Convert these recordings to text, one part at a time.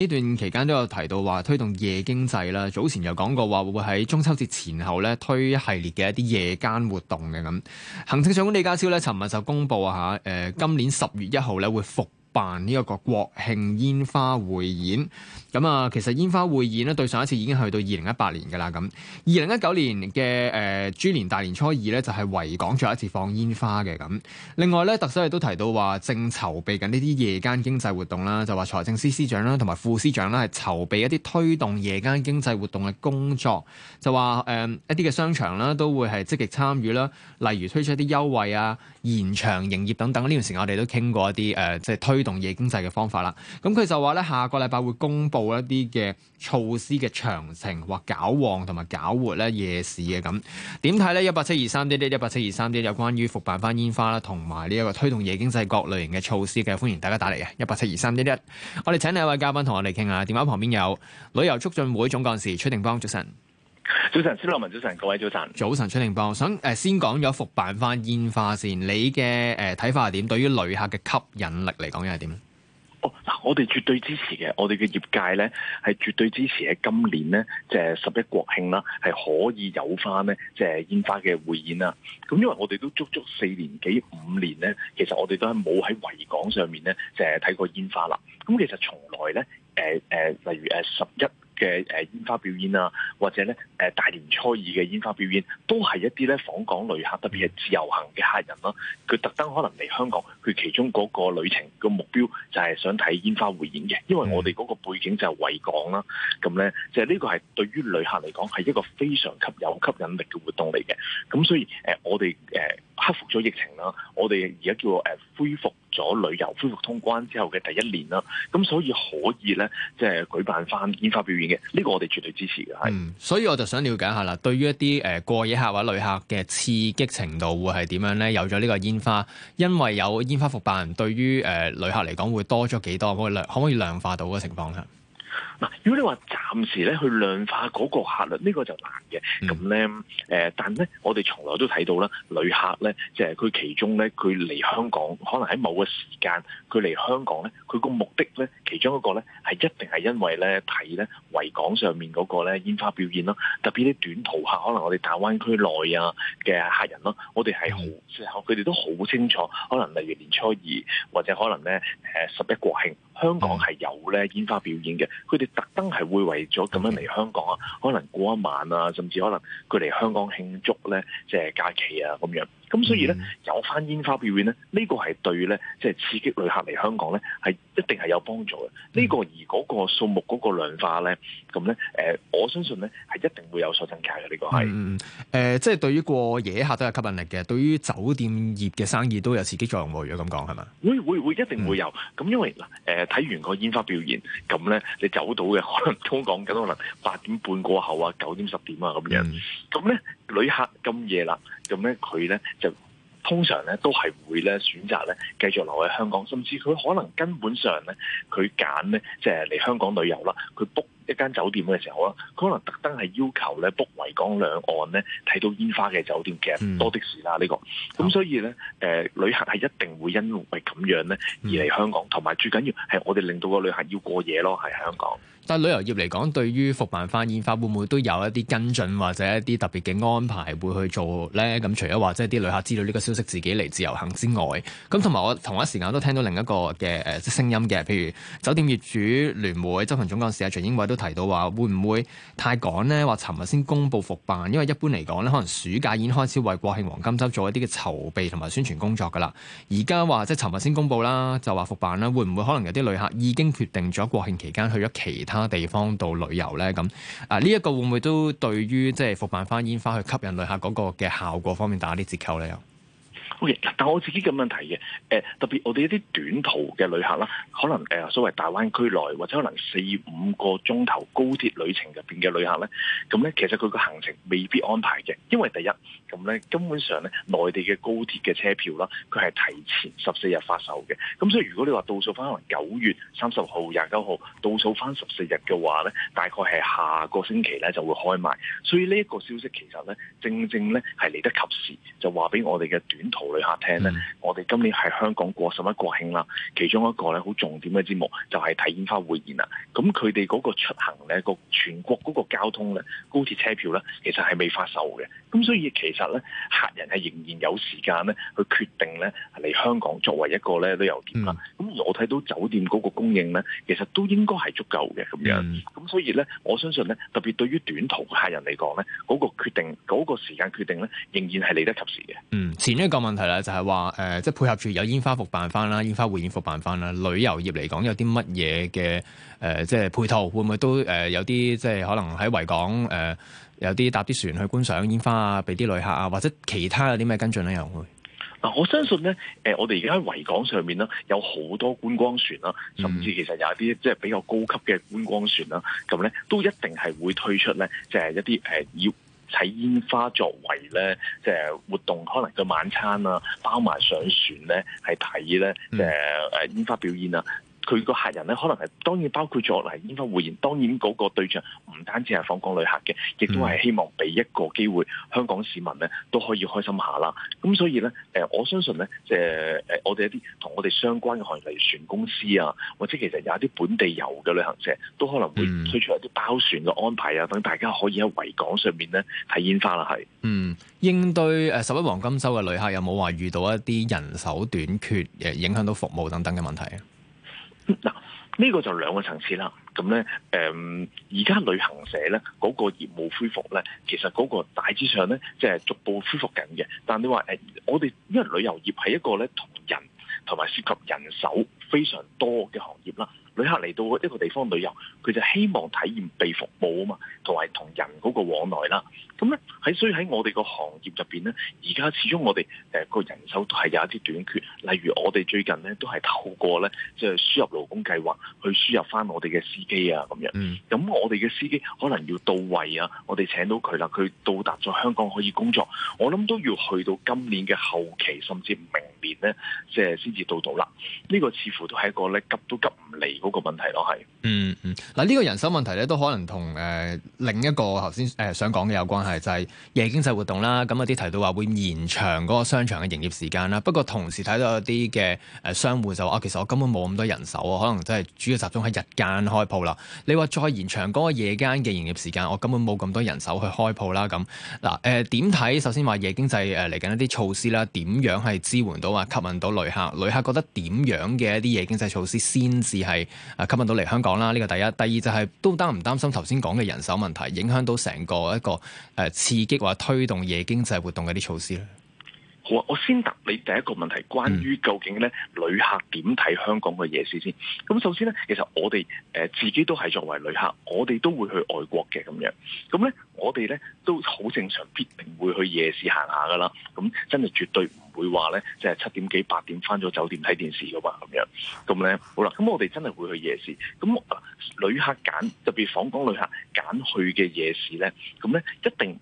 呢段期間都有提到話推動夜經濟啦，早前又講過話會喺中秋節前後咧推一系列嘅一啲夜間活動嘅，咁，行政長官李家超咧尋日就公布啊吓，誒、呃、今年十月一號咧會復辦呢一個國慶煙花匯演，咁啊，其實煙花匯演咧，對上一次已經去到二零一八年嘅啦，咁二零一九年嘅誒、呃、豬年大年初二呢，就係、是、維港再一次放煙花嘅咁。另外呢，特首亦都提到話，正籌備緊呢啲夜間經濟活動啦，就話財政司司長啦，同埋副司長啦，係籌備一啲推動夜間經濟活動嘅工作，就話誒、呃、一啲嘅商場啦，都會係積極參與啦，例如推出一啲優惠啊、延長營業等等。呢、這、段、個、時間我哋都傾過一啲誒，即、呃、係、就是、推。推動夜經濟嘅方法啦，咁佢就話咧下個禮拜會公佈一啲嘅措施嘅詳情，或攪旺同埋攪活咧夜市嘅咁。點睇咧？一八七二三一一一八七二三一一，有關於復辦翻煙花啦，同埋呢一個推動夜經濟各類型嘅措施嘅，歡迎大家打嚟嘅一八七二三一一。我哋請另一位嘉賓同我哋傾下，電話旁邊有旅遊促進會總幹事崔定邦，早晨。早晨，蕭洛文，早晨，各位早晨。早晨，崔定邦，我想誒，先講咗復辦翻煙花先，你嘅誒睇法係點？對於旅客嘅吸引力嚟講，又係點咧？哦，嗱，我哋絕對支持嘅，我哋嘅業界咧係絕對支持喺今年咧，即係十一國慶啦，係可以有翻咧，即係煙花嘅匯演啦。咁因為我哋都足足四年幾五年咧，其實我哋都係冇喺維港上面咧，就係睇過煙花啦。咁其實從來咧，誒、呃、誒、呃，例如誒十一。嘅誒煙花表演啊，或者咧誒大年初二嘅煙花表演，都係一啲咧訪港旅客，特別係自由行嘅客人啦、啊。佢特登可能嚟香港，佢其中嗰個旅程嘅目標就係想睇煙花匯演嘅，因為我哋嗰個背景就係維港啦。咁咧，就係、是、呢個係對於旅客嚟講係一個非常吸有吸引力嘅活動嚟嘅。咁所以誒、呃，我哋誒、呃、克服咗疫情啦，我哋而家叫做誒、呃、恢復。咗旅遊恢復通關之後嘅第一年啦，咁所以可以咧，即係舉辦翻煙花表演嘅，呢個我哋絕對支持嘅。係，嗯，所以我就想了解下啦，對於一啲誒過夜客或者旅客嘅刺激程度會係點樣咧？有咗呢個煙花，因為有煙花復辦，對於誒旅客嚟講會多咗幾多？可可唔可以量化到嘅情況咧？嗱，如果你話暫時咧去量化嗰個客量，呢、這個就難嘅。咁咧、嗯，誒，但咧，我哋從來都睇到啦，旅客咧，即係佢其中咧，佢嚟香港，可能喺某個時間，佢嚟香港咧，佢個目的。其中一個咧係一定係因為咧睇咧維港上面嗰個咧煙花表演咯，特別啲短途客可能我哋大灣區內啊嘅客人咯，我哋係好，佢哋都好清楚，可能例如年初二或者可能咧誒十一國慶，香港係有咧煙花表演嘅，佢哋特登係會為咗咁樣嚟香港啊，可能過一晚啊，甚至可能佢嚟香港慶祝咧即係假期啊咁樣。咁所以咧，有返煙花表演咧，呢、呢個係對咧，即係刺激旅客嚟香港咧，係一定係有幫助嘅。呢個、嗯、而嗰個數目嗰個量化咧，咁咧，誒、呃，我相信咧係一定會有所增加嘅。呢、呢個係、嗯呃、即係對於過夜客都有吸引力嘅，對於酒店業嘅生意都有刺激作用喎。如果咁講係咪？會會會一定會有。咁、嗯、因為嗱，睇、呃、完個煙花表演，咁咧你走到嘅可能我講緊可能八點半過後啊，九點十點啊咁樣，咁咧、嗯。旅客咁夜啦，咁咧佢咧就通常咧都係會咧選擇咧繼續留喺香港，甚至佢可能根本上咧佢揀咧即係嚟香港旅遊啦，佢一間酒店嘅時候啦，可能特登係要求咧 book 維港兩岸咧睇到煙花嘅酒店，其實多的是。啦、這、呢個。咁、嗯、所以咧，誒、呃、旅客係一定會因為咁樣咧而嚟香港，同埋、嗯、最緊要係我哋令到個旅客要過夜咯，係香港。但係旅遊業嚟講，對於復辦翻煙花，會唔會都有一啲跟進或者一啲特別嘅安排會去做咧？咁除咗即係啲旅客知道呢個消息自己嚟自由行之外，咁同埋我同一時間都聽到另一個嘅誒聲音嘅，譬如酒店業主聯會執行總幹事啊、徐英偉都。提到話會唔會太趕呢？話尋日先公布復辦，因為一般嚟講呢，可能暑假已經開始為國慶黃金周做一啲嘅籌備同埋宣傳工作噶啦。而家話即係尋日先公布啦，就話復辦啦，會唔會可能有啲旅客已經決定咗國慶期間去咗其他地方度旅遊呢？咁啊，呢一個會唔會都對於即係復辦翻煙花去吸引旅客嗰個嘅效果方面打啲折扣呢？又？Okay, 但我自己咁樣提嘅、呃，特別我哋一啲短途嘅旅客啦，可能、呃、所謂大灣區內或者可能四五個鐘頭高鐵旅程入邊嘅旅客咧，咁咧其實佢個行程未必安排嘅，因為第一，咁咧根本上咧內地嘅高鐵嘅車票啦，佢係提前十四日發售嘅，咁所以如果你話倒數翻可能九月三十號廿九號倒數翻十四日嘅話咧，大概係下個星期咧就會開賣，所以呢一個消息其實咧正正咧係嚟得及時，就話俾我哋嘅短途。旅客廳咧，我哋今年喺香港過十一國慶啦，嗯、其中一個咧好重點嘅節目就係睇煙花匯演啦。咁佢哋嗰個出行咧，個全國嗰個交通咧，高鐵車票咧，其實係未發售嘅。咁所以其實咧，客人係仍然有時間咧，去決定咧嚟香港作為一個咧旅遊點啦。咁、嗯、我睇到酒店嗰個供應咧，其實都應該係足夠嘅咁樣。咁、嗯、所以咧，我相信咧，特別對於短途客人嚟講咧，嗰、嗰個決定嗰、嗰個嗰個時間決定咧，仍然係嚟得及時嘅。嗯，前一個問題咧就係話、呃、即係配合住有煙花復辦翻啦，煙花匯演復辦翻啦，旅遊業嚟講有啲乜嘢嘅即係配套會唔會都誒、呃、有啲即係可能喺維港誒？呃有啲搭啲船去觀賞煙花啊，俾啲旅客啊，或者其他的有啲咩跟進咧，又會嗱，我相信咧，誒，我哋而家喺維港上面咧，有好多觀光船啦，甚至其實有一啲即係比較高級嘅觀光船啦，咁咧、嗯、都一定係會推出咧，即係一啲誒要睇煙花作為咧，即係活動，可能嘅晚餐啊，包埋上船咧係睇咧，誒誒煙花表演啊。嗯佢個客人咧，可能係當然包括咗嚟參加煙花匯演，當然嗰個對象唔單止係訪港旅客嘅，亦都係希望俾一個機會香港市民咧都可以開心下啦。咁所以咧，誒我相信咧，即係誒我哋一啲同我哋相關嘅行業，例如船公司啊，或者其實有一啲本地遊嘅旅行社，都可能會推出一啲包船嘅安排啊，等大家可以喺維港上面咧睇煙花啦。係。嗯，應對誒十一黃金週嘅旅客，有冇話遇到一啲人手短缺，誒影響到服務等等嘅問題？嗱，呢個就兩個層次啦。咁咧，誒、呃，而家旅行社咧嗰個業務恢復咧，其實嗰個大致上咧，即係逐步恢復緊嘅。但你話、呃、我哋因為旅遊業係一個咧同人同埋涉及人手非常多嘅行業啦。旅客嚟到一個地方旅遊，佢就希望體驗被服務啊嘛，同埋同人嗰個往來啦。咁咧所以喺我哋個行業入邊咧，而家始終我哋誒個人手都係有一啲短缺。例如我哋最近咧都係透過咧即係輸入勞工計劃去輸入翻我哋嘅司機啊咁樣。咁、mm. 我哋嘅司機可能要到位啊，我哋請到佢啦，佢到達咗香港可以工作，我諗都要去到今年嘅後期甚至唔明邊咧，即係先至到到啦。呢個似乎都係一個咧急都急唔嚟嗰個問題咯，係。嗯嗯，嗱、這、呢個人手問題咧，都可能同、呃、另一個頭先誒想講嘅有關係，就係、是、夜經濟活動啦。咁一啲提到話會延長嗰個商場嘅營業時間啦。不過同時睇到有啲嘅誒商戶就話，啊其實我根本冇咁多人手啊，可能真係主要集中喺日間開鋪啦。你話再延長嗰個夜間嘅營業時間，我根本冇咁多人手去開鋪啦。咁嗱誒點睇？首先話夜經濟誒嚟緊一啲措施啦，點樣係支援到？吸引到旅客，旅客覺得點樣嘅一啲夜經濟措施先至係啊吸引到嚟香港啦？呢個第一，第二就係、是、都擔唔擔心頭先講嘅人手問題，影響到成個一個誒刺激或推動夜經濟活動嘅啲措施咧？好啊，我先答你第一個問題，關於究竟咧旅客點睇香港嘅夜市先。咁首先咧，其實我哋、呃、自己都係作為旅客，我哋都會去外國嘅咁樣。咁咧，我哋咧都好正常，必定會去夜市行下噶啦。咁真係絕對唔會話咧，即係七點幾八點返咗酒店睇電視噶嘛咁樣。咁咧，好啦，咁我哋真係會去夜市。咁旅客揀，特別訪港旅客揀去嘅夜市咧，咁咧一定。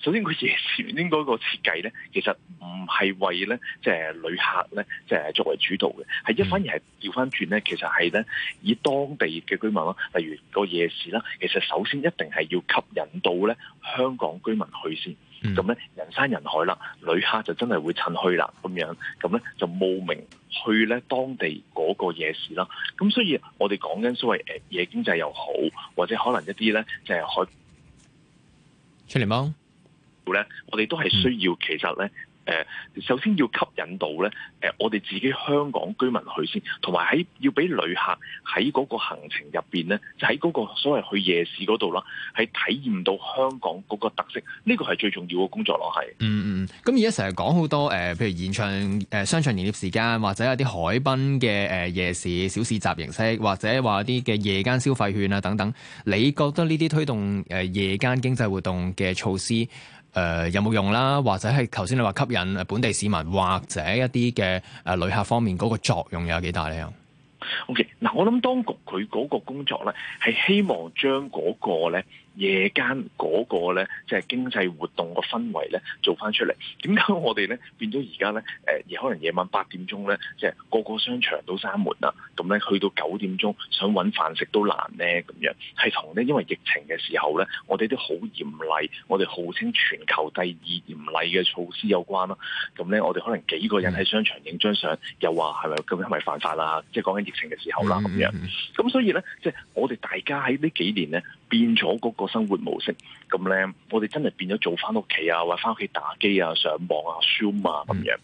首先，佢夜市應該個設計咧，其實唔係為咧即係旅客咧，即係作為主導嘅，係一反而係調翻轉咧。其實係咧，以當地嘅居民咯，例如個夜市啦，其實首先一定係要吸引到咧香港居民去先，咁咧、嗯、人山人海啦，旅客就真係會趁去啦咁樣，咁咧就慕名去咧當地嗰個夜市啦。咁所以，我哋講緊所謂夜經濟又好，或者可能一啲咧，即係海。出嚟嗎？咧，嗯、我哋都係需要，其實咧，誒、呃，首先要吸引到咧，誒、呃，我哋自己香港居民去先，同埋喺要俾旅客喺嗰個行程入邊咧，喺嗰個所謂去夜市嗰度啦，係體驗到香港嗰個特色，呢個係最重要嘅工作咯、嗯。嗯嗯咁而家成日講好多誒、呃，譬如延長誒商場營業時間，或者有啲海濱嘅誒夜市、小市集形式，或者話啲嘅夜間消費券啊等等，你覺得呢啲推動誒、呃、夜間經濟活動嘅措施？誒、呃、有冇用啦？或者係頭先你話吸引本地市民或者一啲嘅誒旅客方面嗰個作用有幾大咧？OK，嗱我諗當局佢嗰個工作咧係希望將嗰個咧。夜間嗰個咧，即係經濟活動個氛圍咧，做翻出嚟。點解我哋咧變咗而家咧？而、呃、可能夜晚八點鐘咧，即係個個商場都閂門啦。咁咧，去到九點鐘想揾飯食都難咧，咁樣係同咧，因為疫情嘅時候咧，我哋都好嚴厲，我哋號稱全球第二嚴厲嘅措施有關啦。咁咧，我哋可能幾個人喺商場影張相，又話係咪咁係咪犯法啊？即係講緊疫情嘅時候啦，咁樣咁、嗯嗯嗯、所以咧，即、就、係、是、我哋大家喺呢幾年咧。變咗嗰個生活模式，咁咧，我哋真係變咗做翻屋企啊，或翻屋企打機啊、上網啊、Zoom 啊咁樣。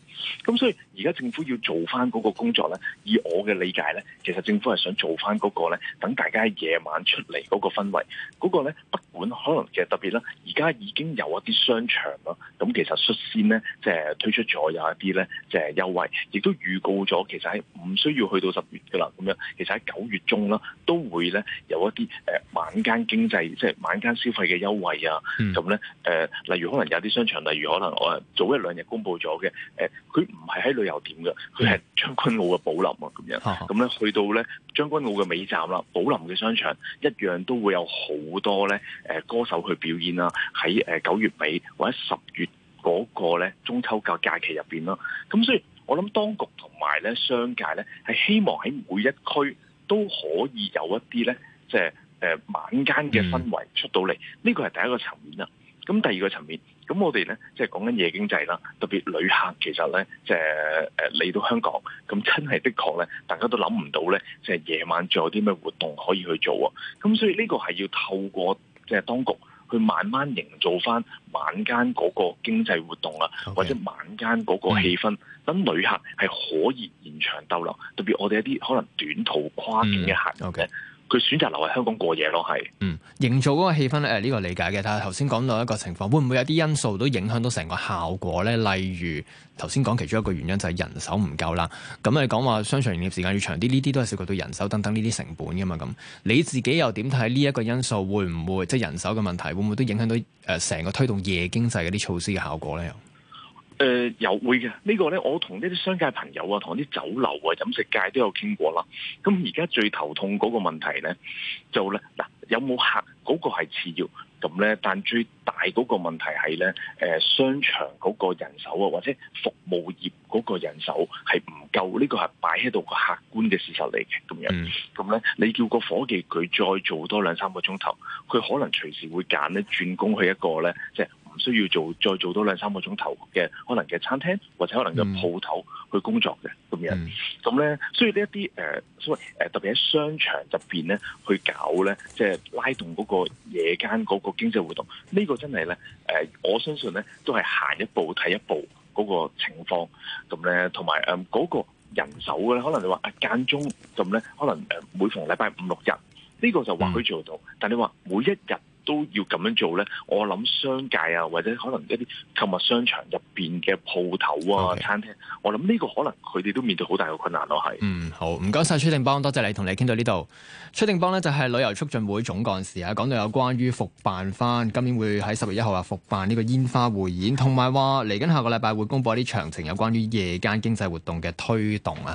咁所以而家政府要做翻嗰個工作咧，以我嘅理解咧，其實政府係想做翻嗰個咧，等大家夜晚出嚟嗰個氛圍，嗰、那個咧，不管可能其實特別啦，而家已經有一啲商場啦，咁其實率先咧，即、就、係、是、推出咗有一啲咧，即係優惠，亦都預告咗，其實喺唔需要去到十月噶啦，咁樣，其實喺九月中啦，都會咧有一啲誒、呃、晚間經濟，即係晚間消費嘅優惠啊，咁咧、嗯，誒、呃，例如可能有啲商場，例如可能我早一兩日公布咗嘅，誒、呃。佢唔係喺旅遊點嘅，佢係將軍澳嘅寶林啊，咁樣。咁咧去到咧將軍澳嘅尾站啦，寶林嘅商場一樣都會有好多咧誒歌手去表演啦。喺誒九月尾或者十月嗰個咧中秋嘅假期入邊咯。咁所以我諗當局同埋咧商界咧係希望喺每一區都可以有一啲咧即係誒晚間嘅氛圍出到嚟，呢個係第一個層面啦。咁第二個層面，咁我哋咧即係講緊夜經濟啦，特別旅客其實咧即係誒嚟到香港，咁真係的，的確咧，大家都諗唔到咧，即係夜晚仲有啲咩活動可以去做啊、哦！咁所以呢個係要透過即係當局去慢慢營造翻晚間嗰個經濟活動啊，Okay. 或者晚間嗰個氣氛，等、mm. 旅客係可以延長逗留，特別我哋一啲可能短途跨境嘅客人嘅。Mm. Okay. 佢選擇留喺香港過夜咯，係嗯，營造嗰個氣氛咧，誒呢個理解嘅。但係頭先講到一個情況，會唔會有啲因素都影響到成個效果咧？例如頭先講其中一個原因就係人手唔夠啦，咁你講話商場營業時間要長啲，呢啲都係涉及到人手等等呢啲成本㗎嘛。咁你自己又點睇呢一個因素會唔會即係、就是、人手嘅問題，會唔會都影響到誒成個推動夜經濟嗰啲措施嘅效果咧？誒，有、呃、會嘅、這個、呢個咧，我同呢啲商界朋友啊，同啲酒樓啊、飲食界都有傾過啦。咁而家最頭痛嗰個問題咧，就咧嗱，有冇客嗰、那個係次要，咁咧，但最大嗰個問題係咧，誒、呃，商場嗰個人手啊，或者服務業嗰個人手係唔夠，呢、這個係擺喺度個客觀嘅事實嚟嘅，咁、嗯、樣，咁咧、嗯嗯，你叫個伙計佢再做多兩三個鐘頭，佢可能隨時會揀咧轉工去一個咧，即係。唔需要做再做多兩三個鐘頭嘅可能嘅餐廳或者可能嘅鋪頭去工作嘅咁、嗯、樣，咁咧，所以呢一啲誒，所謂誒特別喺商場入邊咧，去搞咧，即係拉動嗰個夜間嗰個經濟活動，呢個真係咧誒，我相信咧都係行一步睇一步嗰個情況，咁咧，同埋誒嗰個人手嘅咧，可能你話啊間中咁咧，可能誒每逢禮拜五六日，呢個就話佢做到，嗯、但你話每一日。都要咁樣做呢？我諗商界啊，或者可能一啲購物商場入邊嘅鋪頭啊、Okay. 餐廳，我諗呢個可能佢哋都面對好大嘅困難咯。係，嗯、好，唔該晒。崔定邦，多謝你同你傾到呢度。崔定邦呢，就係旅遊促進會總幹事啊，講到有關於復辦翻今年會喺十月一號啊復辦呢個煙花匯演，同埋話嚟緊下個禮拜會公布一啲詳情，有關於夜間經濟活動嘅推動啊。